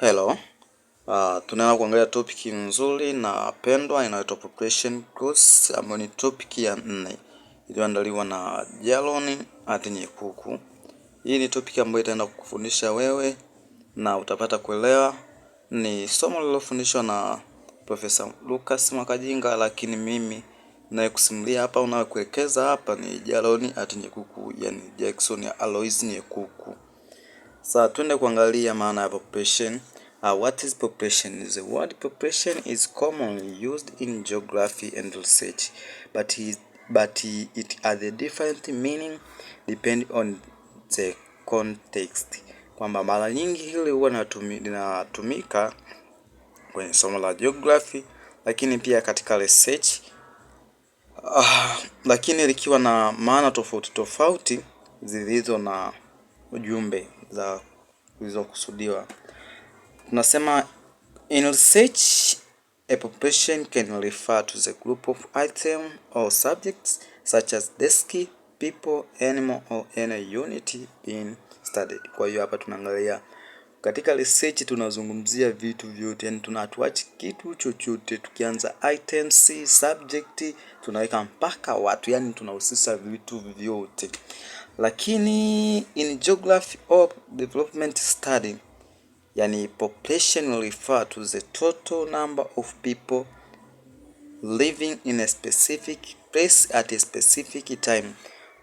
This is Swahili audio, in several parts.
Hello. Uh, tunaenda kuangalia topic nzuri na pendwa inayoitwa Population Growth ambayo ni topic ya nne iliyoandaliwa na Jaloni at Nyekuku. Hii ni topic ambayo itaenda kukufundisha wewe na utapata kuelewa. Ni somo lililofundishwa na Profesa Lucas Makajinga, lakini mimi nayekusimulia hapa unayekuelekeza hapa ni Jaloni at Nyekuku, yani Jackson ya Alois Nyekuku. So twende kuangalia maana ya population. Uh, what is population? The word population is commonly used in geography and research but, is, but it has a different meaning depend on the context, kwamba mara nyingi hili huwa linatumika kwenye somo la geography lakini pia katika research uh, lakini likiwa na maana tofauti tofauti zilizo na ujumbe za zilizokusudiwa. Tunasema in research a population can refer to the group of item or subjects such as desk, people, animal or any unit being studied. Kwa hiyo hapa tunaangalia katika research tunazungumzia vitu vyote, yani tunatuachi kitu chochote. Tukianza items, subject, tunaweka mpaka watu, yani tunahusisha vitu vyote. Lakini in geography of development study, yani population refer to the total number of people living in a specific place at a specific time.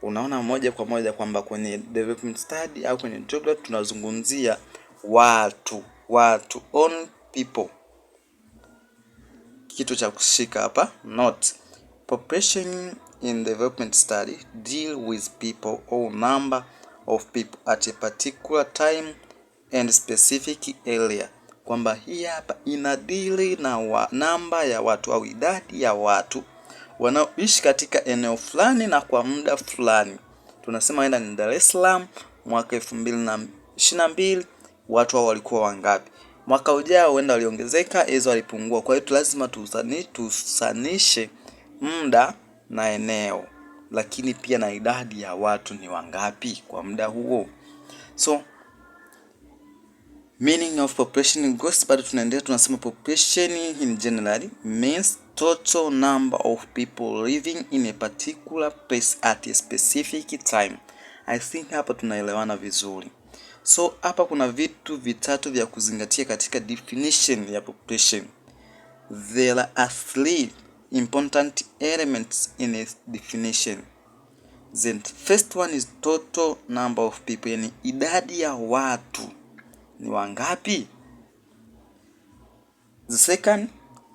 Unaona moja kwa moja kwamba kwenye development study au kwenye geography tunazungumzia watu, watu, on people, kitu cha kushika hapa not. Population in development study deal with people or number of people at a particular time and specific area, kwamba hii hapa ina inadili na wa, namba ya watu au idadi ya watu wanaoishi katika eneo fulani na kwa muda fulani. Tunasema aidha ni Dar es Salaam mwaka elfu mbili na ishirini na mbili watu hao walikuwa wangapi. Mwaka ujao huenda waliongezeka, hizo walipungua. Kwa hiyo lazima tusani, tusanishe muda na eneo, lakini pia na idadi ya watu ni wangapi kwa muda huo. So meaning of population growth, bado tunaendelea tunasema, population in general means total number of people living in a particular place at a specific time. I think hapa tunaelewana vizuri. So hapa kuna vitu vitatu vya kuzingatia katika definition ya population. There are three important elements in its definition. The first one is total number of people, yani idadi ya watu ni wangapi. The second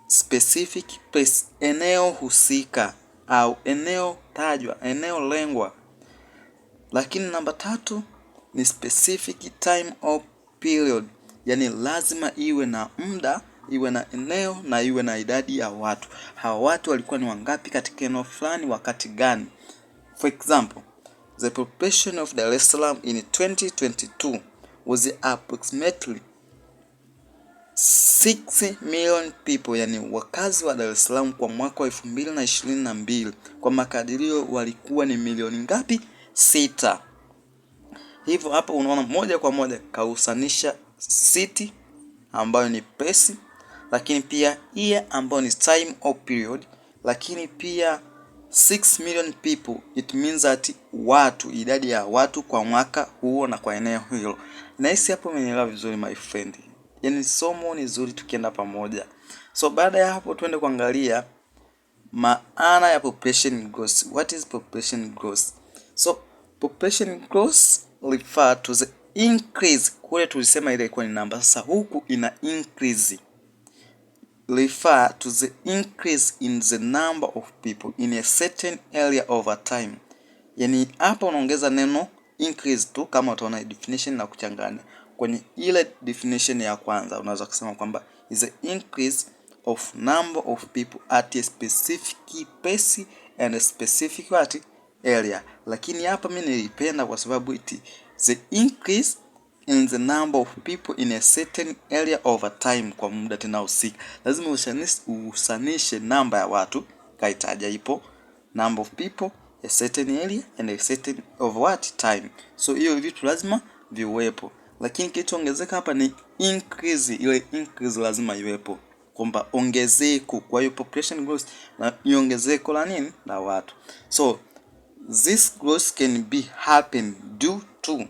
specific place, eneo husika au eneo tajwa, eneo lengwa. Lakini namba tatu ni specific time or period, yani lazima iwe na muda, iwe na eneo na iwe na idadi ya watu. Hawa watu walikuwa ni wangapi katika eneo fulani wakati gani? For example, the population of Dar es Salaam in 2022 was approximately 6 million people, yani wakazi wa Dar es Salaam kwa mwaka wa 2022 kwa makadirio walikuwa ni milioni ngapi? Sita. Hivyo hapa unaona moja kwa moja kahusanisha city ambayo ni place, lakini pia year ambayo ni time or period, lakini pia 6 million people it means that watu, idadi ya watu kwa mwaka huo na kwa eneo hilo. Na hisi hapo umenielewa vizuri my friend, yaani somo ni zuri tukienda pamoja. So baada ya hapo tuende kuangalia maana ya population growth. What is population growth? So population growth refer to the increase. Kule tulisema ile ilikuwa ni namba, sasa huku ina increase. Refer to the increase in the number of people in a certain area over time. Yani hapa unaongeza neno increase tu, kama utaona definition na kuchanganya kwenye ile definition ya kwanza, unaweza kusema kwamba is the increase of number of people at a specific pace and a specific what area, lakini hapa mimi nilipenda kwa sababu iti the increase in the number of people in a certain area over time, kwa muda tena usika, Lazima usanishe, usanishe namba ya watu kaitaja ipo number of people a certain area and a certain of what time, so hiyo vitu lazima viwepo, lakini kitu ongezeka hapa ni increase. Ile increase lazima iwepo kwamba ongezeko, kwa hiyo population growth na iongezeko la nini la watu so This growth can be happen due to.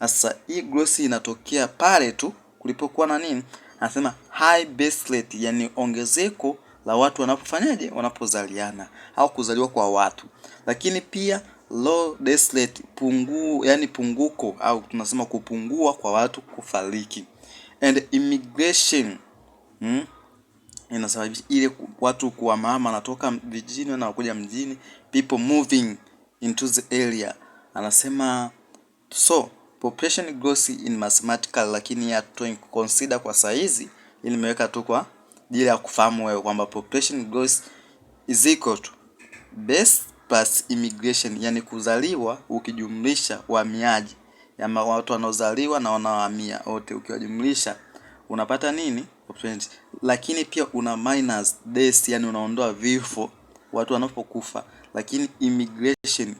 Sasa hii growth inatokea pale tu kulipokuwa na nini, anasema high base rate, yani ongezeko la watu wanapofanyaje, wanapozaliana au kuzaliwa kwa watu, lakini pia low death rate, pungu, yani punguko au tunasema kupungua kwa watu kufariki, and immigration hmm? Inasababisha ile watu kuwa mama natoka vijijini na kuja mjini, people moving into the area. Anasema so population growth in mathematical, lakini hatutoi consider kwa saizi, ili nimeweka tu kwa ajili ya kufahamu wewe kwamba population growth is equal to base plus immigration, yani kuzaliwa ukijumlisha uhamiaji, ya watu wanaozaliwa na wanaohamia wote ukiwajumlisha unapata nini? Population. Lakini pia una minus death, yani unaondoa vifo, watu wanapokufa. Lakini immigration,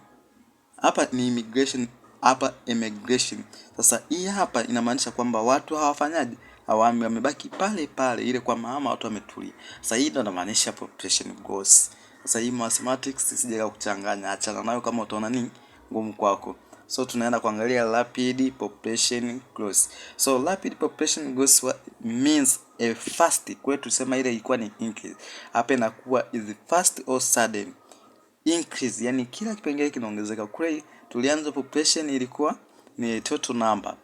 hapa ni immigration, hapa emigration. Sasa hii hapa inamaanisha kwamba watu hawafanyaji hawami wamebaki pale pale, ile kwa maana watu wametulia. Sasa hii ndo inamaanisha population growth. Sasa hii mathematics sijaweza kuchanganya, achana nayo kama utaona ni ngumu kwako. So tunaenda kuangalia rapid population growth. So rapid population growth means a fast, kwetu tusema ile ilikuwa ni increase, hapa inakuwa is fast or sudden increase, yani kila kipengele kinaongezeka. Kule tulianza population ilikuwa ni total number,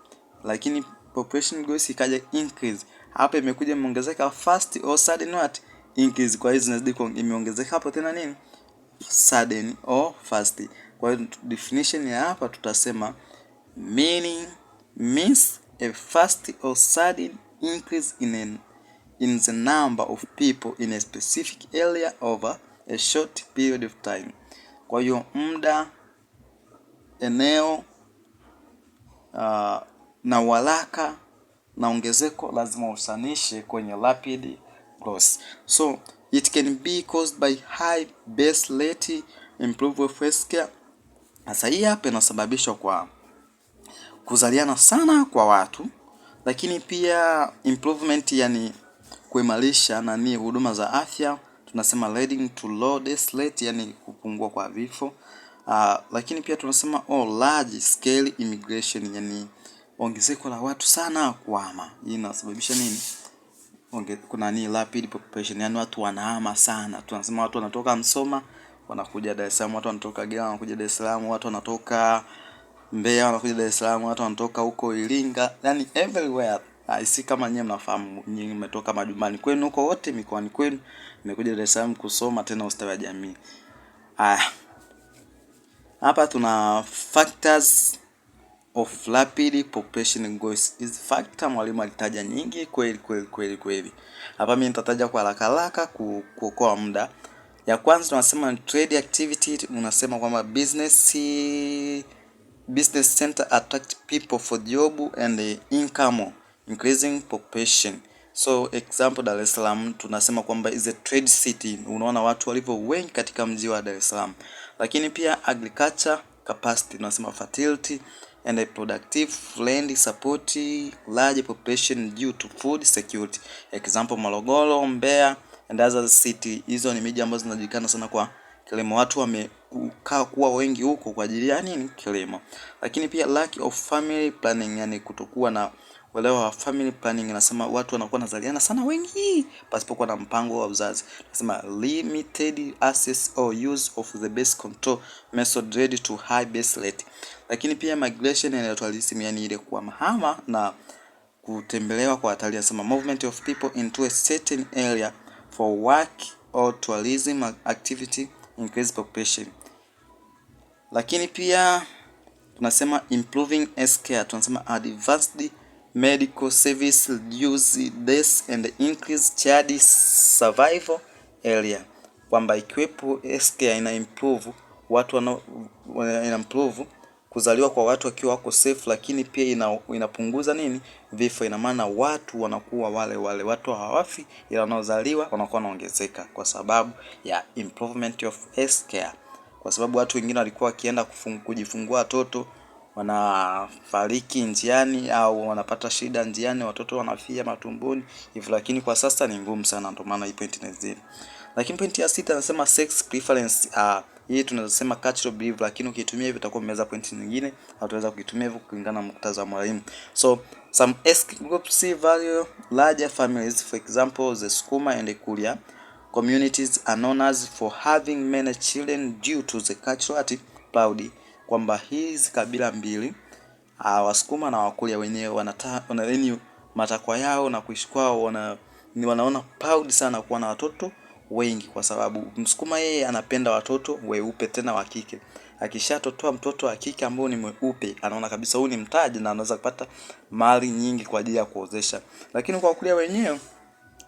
lakini population growth ikaja increase. Hapa imekuja imeongezeka fast or sudden what increase, kwa hiyo zinazidi imeongezeka hapo tena nini sudden or fast. Kwa hiyo definition ya hapa tutasema meaning means a fast or sudden increase in an, in the number of people in a specific area over a short period of time. Kwa hiyo muda, eneo uh, na uharaka na ongezeko lazima usanishe kwenye rapid growth. So it can be caused by high base rate improve welfare care. Sasa hii hapa inasababishwa kwa kuzaliana sana kwa watu, lakini pia improvement, yani kuimarisha nani huduma za afya tunasema leading to low death rate, yani kupungua kwa vifo. Uh, lakini pia tunasema oh, large scale immigration, yani ongezeko la watu sana kuhama. Hii inasababisha nini? Onge, kuna ni rapid population, yani watu wanahama sana. Tunasema watu wanatoka Msoma wanakuja Dar es Salaam, watu wanatoka Geita wanakuja Dar es Salaam, watu wanatoka Mbeya wanakuja Dar es Salaam, watu wanatoka huko Iringa, yani everywhere. Uh, kama nyinyi mnafahamu, nyinyi mmetoka majumbani kwenu huko wote mikoani kwenu nimekuja Dar es Salaam kusoma tena ustawi wa jamii. Haya, hapa tuna factors of rapid population growth. Is factor mwalimu alitaja nyingi kweli kweli kweli kweli. Hapa mimi nitataja kwa haraka haraka kuokoa muda. Ya kwanza tunasema trade activity, unasema kwamba business business center attract people for job and income increasing population So example Dar es Salaam tunasema kwamba is a trade city. Unaona watu walivyo wengi katika mji wa Dar es Salaam. Lakini pia agriculture capacity tunasema fertility and a productive land support large population due to food security. Example Morogoro, Mbeya and other city. Hizo ni miji ambazo zinajulikana sana kwa kilimo. Watu wamekaa kuwa wengi huko kwa ajili ya nini? Kilimo. Lakini pia lack of family planning, yani kutokuwa na Uelewa wa family planning inasema watu wanakuwa nazaliana sana wengi pasipokuwa na mpango wa uzazi. Nasema limited access or use of the base control method ready to high base rate. Lakini pia migration and naturalism, yani ile mahama na kutembelewa kwa watalii. Nasema movement of people into a certain area for work or tourism activity increase population. Lakini pia tunasema improving healthcare, tunasema advanced medical service, reduce deaths and increase child survival area, kwamba ikiwepo healthcare ina improve watu wana, ina improve kuzaliwa kwa watu wakiwa wako safe, lakini pia ina, inapunguza nini vifo. Ina maana watu wanakuwa wale wale, watu hawafi, ila wanaozaliwa wanakuwa wanaongezeka kwa sababu ya improvement of healthcare, kwa sababu watu wengine walikuwa wakienda kujifungua watoto wanafariki njiani au wanapata shida njiani, watoto wanafia matumboni hivyo, lakini kwa sasa ni ngumu sana, ndio maana hii point ni zero. Lakini point ya sita nasema sex preference uh, hii tunasema cultural belief, lakini ukitumia hivyo utakuwa umeweza point nyingine, hautaweza kuitumia hivyo kulingana na muktadha wa mwalimu. So some ethnic groups value larger families, for example the Sukuma and the Kuria communities are known as for having many children due to the cultural pride kwamba hizi kabila mbili uh, Wasukuma na Wakurya wenyewe wanata yani matakwa yao na kuishi kwao, wana ni wanaona proud sana kuwa na watoto wengi, kwa sababu Msukuma yeye anapenda watoto weupe, tena wa kike. Akishatotoa mtoto wa kike ambao ni mweupe, anaona kabisa huyu ni mtaji na anaweza kupata mali nyingi kwa ajili ya kuozesha. Lakini kwa Wakurya wenyewe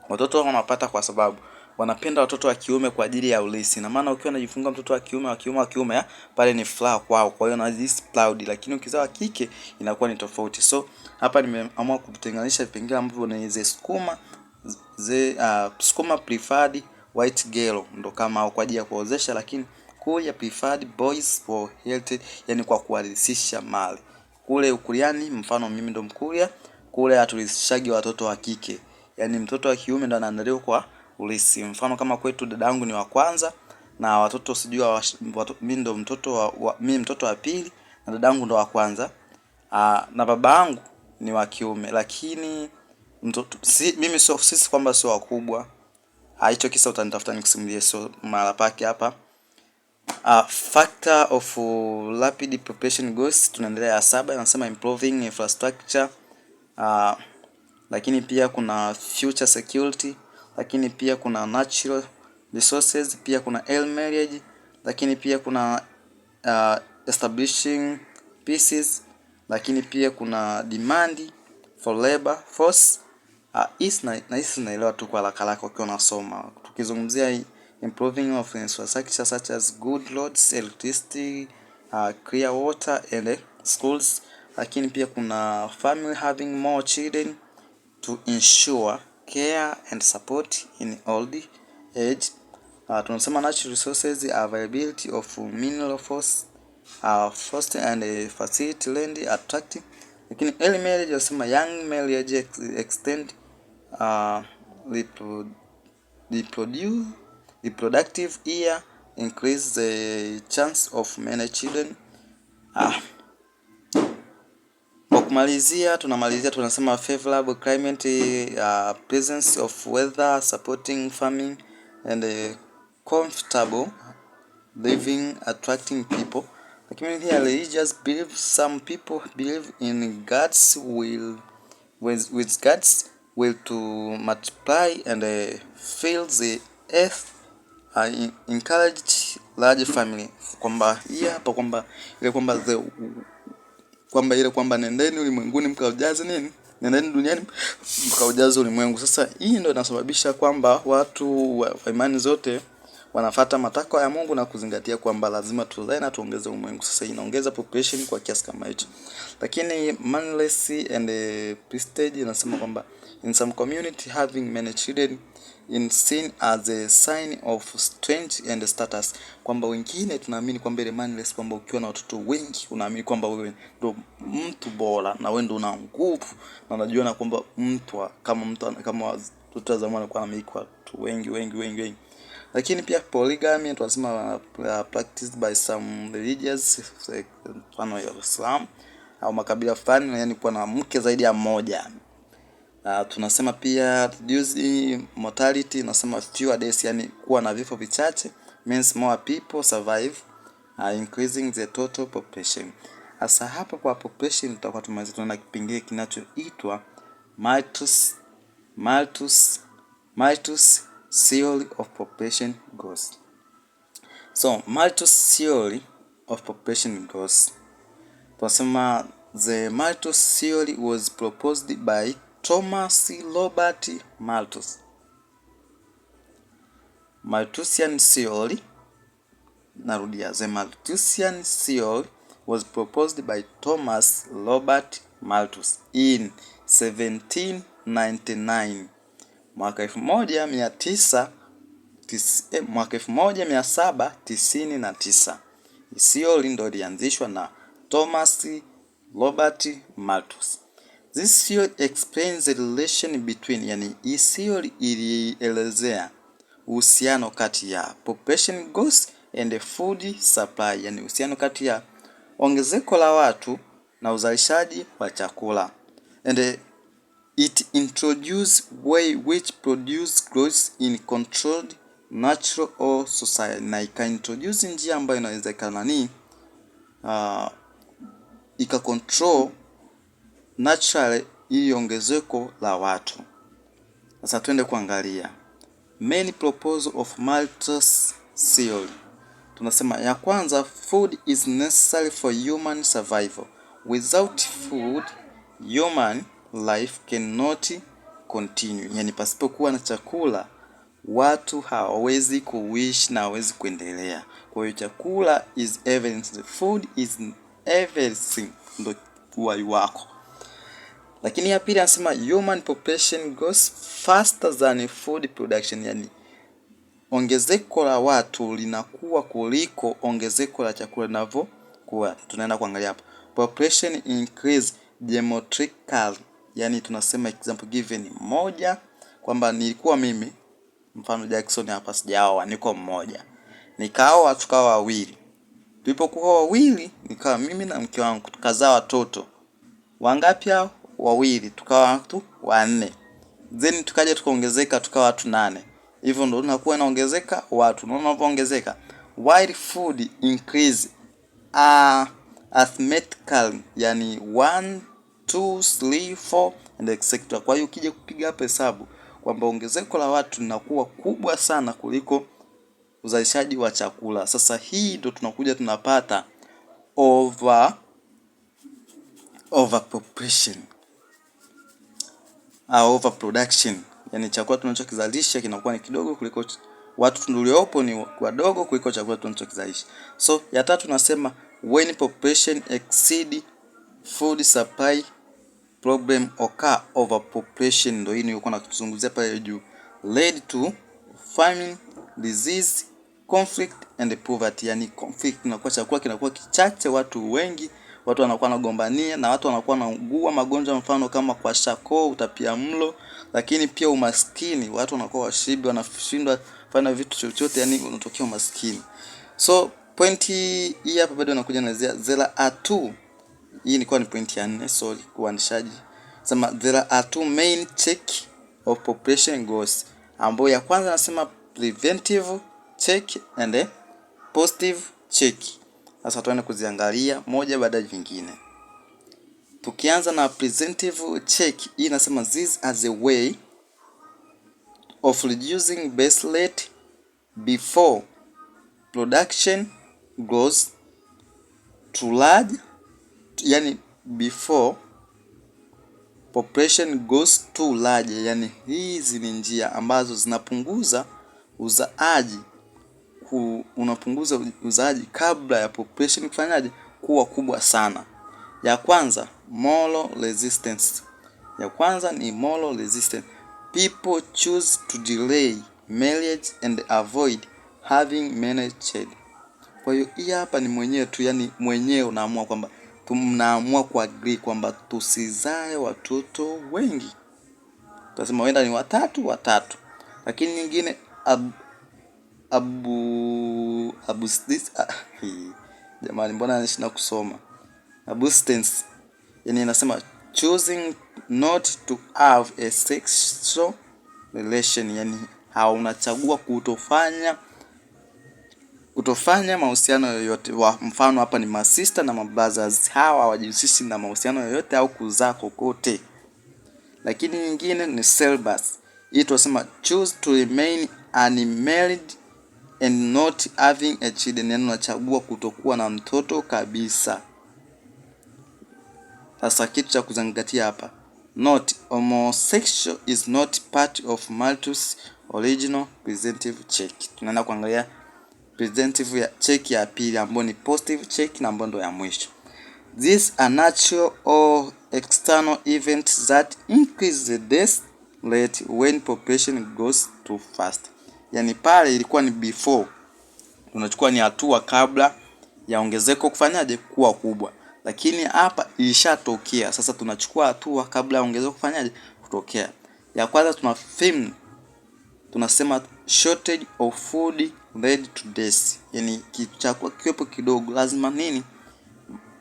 watoto wanapata kwa sababu wanapenda watoto wa kiume kwa ajili ya ulisi. Na maana ukiwa unajifunga mtoto wa kiume wa kiume wa kiume eh, pale ni furaha kwao, kwa hiyo na this proud, lakini ukizaa wa kike inakuwa ni tofauti. So hapa nimeamua kutenganisha vipengele ambavyo ni ze skuma ze uh, skuma preferred white girl ndo kama au kwa ajili ya kuozesha, lakini kule ya preferred boys for heritage, yani kwa kuwarithisha mali kule ukuliani. Mfano mimi ndo Mkuria, kule haturithishaji watoto wa kike, yani mtoto wa kiume ndo anaandaliwa kwa ulisi. Mfano kama kwetu dadangu ni wa kwanza na watoto sijui mimi ndo mtoto wa, wa, mi mtoto wa pili na dadangu ndo wa kwanza aa, ah, na babangu ni wa kiume, lakini mtoto si, mimi sio sisi kwamba sio wakubwa. Ah, hicho kisa utanitafuta nikusimulie, sio mara pake hapa. Uh, factor of rapid population growth tunaendelea ya saba, inasema improving infrastructure uh, lakini pia kuna future security lakini pia kuna natural resources, pia kuna early marriage, lakini pia kuna uh, establishing pieces, lakini pia kuna demand for labor force. Uh, ah, is na hisi naelewa tu kwa haraka haraka ukiwa unasoma. Tukizungumzia improving of infrastructure such as good roads, electricity, uh, clear water and eh, schools, lakini pia kuna family having more children to ensure care and support in old age uh, tunasema natural resources availability uh, of mineral force uh, first and uh, facility land attractive lakini early marriage wasema young marriage ex extend uh, repro reproduce reproductive year increase the chance of many children ah kumalizia tunamalizia tunasema favorable climate uh, presence of weather supporting farming and uh, comfortable living attracting people lakini here religious believe some people believe in God's will with, with God's will to multiply and uh, fill the earth uh, encourage large family kwamba hii hapa kwamba ile kwamba the kwamba ile kwamba nendeni ulimwenguni mkaujaze nini, nendeni duniani mkaujaze ulimwengu. Sasa hii ndio inasababisha kwamba watu wa imani zote wanafata matakwa ya Mungu na kuzingatia kwamba lazima tuzae na tuongeze ulimwengu. Sasa inaongeza population kwa kiasi kama hicho, lakini Manless and Prestige inasema kwamba in some community having many children in sin as a sign of strength and status, kwamba wengine tunaamini kwamba ile manifest, kwamba ukiwa na watoto wengi unaamini kwamba wewe ndo mtu bora na wewe ndo una nguvu, na unajua na kwamba mtu kama mtu kama watoto wa zamani alikuwa anamiliki watu wengi wengi wengi wengi. Lakini pia polygamy tunasema uh, uh practiced by some religious uh, mfano like, ya Islam au makabila fulani, yani kuwa na mke zaidi ya mmoja. Uh, tunasema pia reduce mortality, nasema fewer deaths, yani kuwa na vifo vichache means more people survive uh, increasing the total population. Sasa hapa kwa population tutakuwa tumeanza tuna kipengele kinachoitwa Malthus Malthus Malthus theory of population growth. So Malthus theory of population growth tunasema the Malthus theory was proposed by Thomas Robert Malthus. Malthusian theory, narudia, the Malthusian theory was proposed by Thomas Robert Malthus in 1799 mwaka elfu moja mia tisa eh, mwaka elfu moja mia saba tisini na tisa. ndo ilianzishwa na Thomas Robert Malthus. This field explains the relation between, yani hii field ilielezea uhusiano kati ya population growth and food supply, yani uhusiano kati ya ongezeko la watu na uzalishaji wa chakula and it introduces way which produce growth in controlled natural or society, na ika introduce njia ambayo inawezekana ni uh, ika ikacontrol naturally ili ongezeko la watu. Sasa twende kuangalia main proposal of Malthus theory. Tunasema ya kwanza, food is necessary for human survival. Without food human life cannot continue, yani pasipokuwa na chakula watu hawawezi kuishi na hawawezi kuendelea. Kwa hiyo chakula is everything, food is everything, ndo uhai wako. Lakini ya pili anasema human population grows faster than food production, yani ongezeko la watu linakuwa kuliko ongezeko la chakula linavyokuwa. Tunaenda kuangalia hapa population increase geometrical, yani tunasema example given moja, kwamba nilikuwa mimi mfano Jackson hapa sijaoa, niko mmoja, nikaoa tukawa wawili, tulipokuwa wawili nikawa mimi na mke wangu tukazaa watoto wangapi hao wawili, tukawa watu wanne, then tukaja tukaongezeka, tukawa watu nane. Hivyo ndo tunakuwa inaongezeka watu, unaona unapoongezeka. While food increase uh, arithmetically, yani 1 2 3 4 and etc. Kwa hiyo ukija kupiga hapa hesabu kwamba ongezeko la watu linakuwa kubwa sana kuliko uzalishaji wa chakula. Sasa hii ndio tunakuja tunapata over overpopulation overproduction, yani chakula tunachokizalisha kinakuwa ni kidogo kuliko watu tuliopo ni wadogo kuliko chakula tunachokizalisha. So ya tatu nasema when population exceed food supply problem occur overpopulation, ndio hii nilikuwa nakuzungumzia pale juu, lead to famine, disease, conflict and poverty. Yani conflict inakuwa chakula kinakuwa kichache, watu wengi watu wanakuwa wanagombania na watu wanakuwa wanaugua magonjwa mfano kama kwa shako, utapia mlo, lakini pia umaskini, watu wanakuwa washibi, wanashindwa kufanya vitu chochote, yani unatokea umaskini. So pointi hii hapa bado inakuja na there A2 hii ilikuwa ni pointi ya nne, so uandishaji sema there are two main check of population goals, ambayo ya kwanza nasema preventive check and positive check. Sasa tuende kuziangalia moja baada ya nyingine. Tukianza na presentive check, hii inasema this as a way of reducing base rate before production goes to large, yani before population goes to large, yani hizi ni njia ambazo zinapunguza uzaaji unapunguza uzaji kabla ya population kufanyaje kuwa kubwa sana. Ya kwanza moral resistance, ya kwanza ni moral resistance. People choose to delay marriage and avoid having many children. Kwa hiyo hii hapa ni mwenyewe tu, yani mwenyewe unaamua kwamba mnaamua agree kwamba tusizae watoto wengi, tunasema wenda ni watatu watatu. Lakini nyingine Abu ah, jamani mbona anashinda kusoma Abstinence yani inasema choosing not to have a sexual relation, yani haunachagua kutofanya kutofanya mahusiano yoyote. Wa mfano hapa ni masista na mabrothers, hawa hawajihusishi na mahusiano yoyote au kuzaa kokote. Lakini nyingine ni celibate, hii tunasema choose to remain unmarried and not having a child, yani unachagua kutokuwa na mtoto kabisa. Sasa kitu cha kuzingatia hapa, not homosexual is not part of Malthus original presentive check. Tunaenda kuangalia presentive ya check ya pili ambayo ni positive check na ambayo ndo ya mwisho. These are natural or external events that increase the death rate when population goes too fast yani pale ilikuwa ni before, tunachukua ni hatua kabla ya ongezeko kufanyaje kuwa kubwa, lakini hapa ilishatokea. Sasa tunachukua hatua kabla ya ongezeko kufanyaje kutokea. Ya kwanza tuna film, tunasema shortage of food ready to death, yani chakula kiwepo kidogo, lazima nini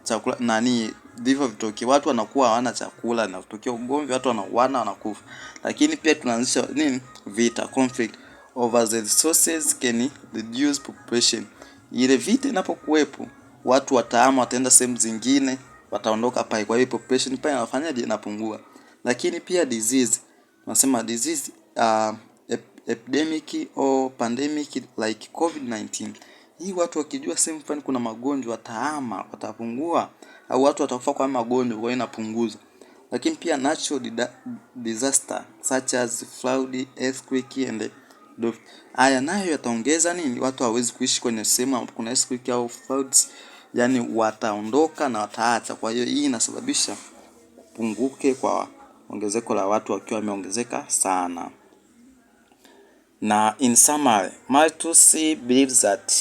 chakula nani vifo vitokee, watu wanakuwa hawana chakula na kutokea ugomvi, watu wanakufa. Lakini pia tunaanzisha nini vita, conflict over the resources can reduce population. Ile vita inapokuwepo, watu watahama, wataenda sehemu zingine, wataondoka pale. Kwa hiyo population pale inafanyaje? Inapungua. Lakini pia disease, nasema disease uh, epidemic or pandemic like COVID-19. Hii watu wakijua sehemu fulani kuna magonjwa wataama, watapungua au watu watakufa kwa magonjwa, kwa hiyo inapunguza. Lakini pia natural disaster such as flood, earthquake and kidogo. Haya nayo yataongeza nini? Watu hawezi kuishi kwenye sehemu ambapo kuna earthquake au floods, yani wataondoka na wataacha. Kwa hiyo hii inasababisha kupunguke kwa ongezeko la watu wakiwa wameongezeka sana. Na in summary, Malthus believes that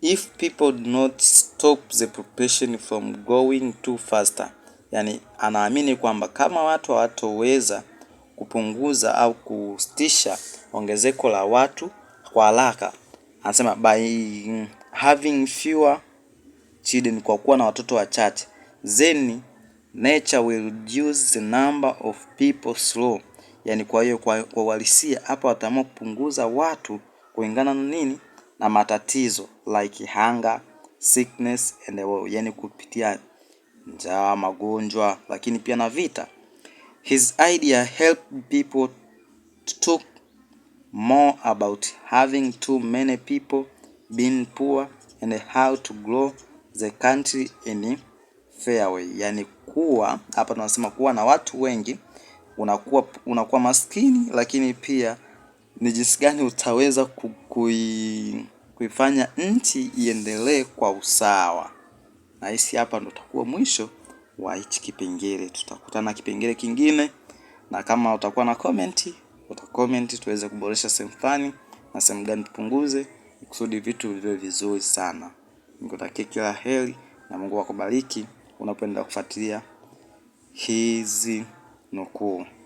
if people do not stop the population from going too faster, yani anaamini kwamba kama watu hawatoweza kupunguza au kustisha ongezeko la watu kwa haraka. Anasema by having fewer children, kwa kuwa na watoto wachache, then nature will reduce the number of people slow. Yani kwa hiyo kwa uhalisia hapa wataamua kupunguza watu kulingana na nini? Na matatizo like hunger, sickness and war, yani kupitia njaa, magonjwa, lakini pia na vita. His idea helped people to more about having too many people, being poor and how to grow the country in a fair way. Yani kuwa hapa tunasema kuwa na watu wengi unakuwa, unakuwa maskini, lakini pia ni jinsi gani utaweza kukui, kuifanya nchi iendelee kwa usawa. Na hisi hapa ndo utakuwa mwisho wa hichi kipengele. Tutakutana kipengele kingine, na kama utakuwa na komenti comment tuweze kuboresha sehemu fulani na sehemu gani tupunguze, kusudi vitu viwe vizuri sana. nikutakie kila heri na Mungu akubariki unapoendelea kufuatilia hizi nukuu.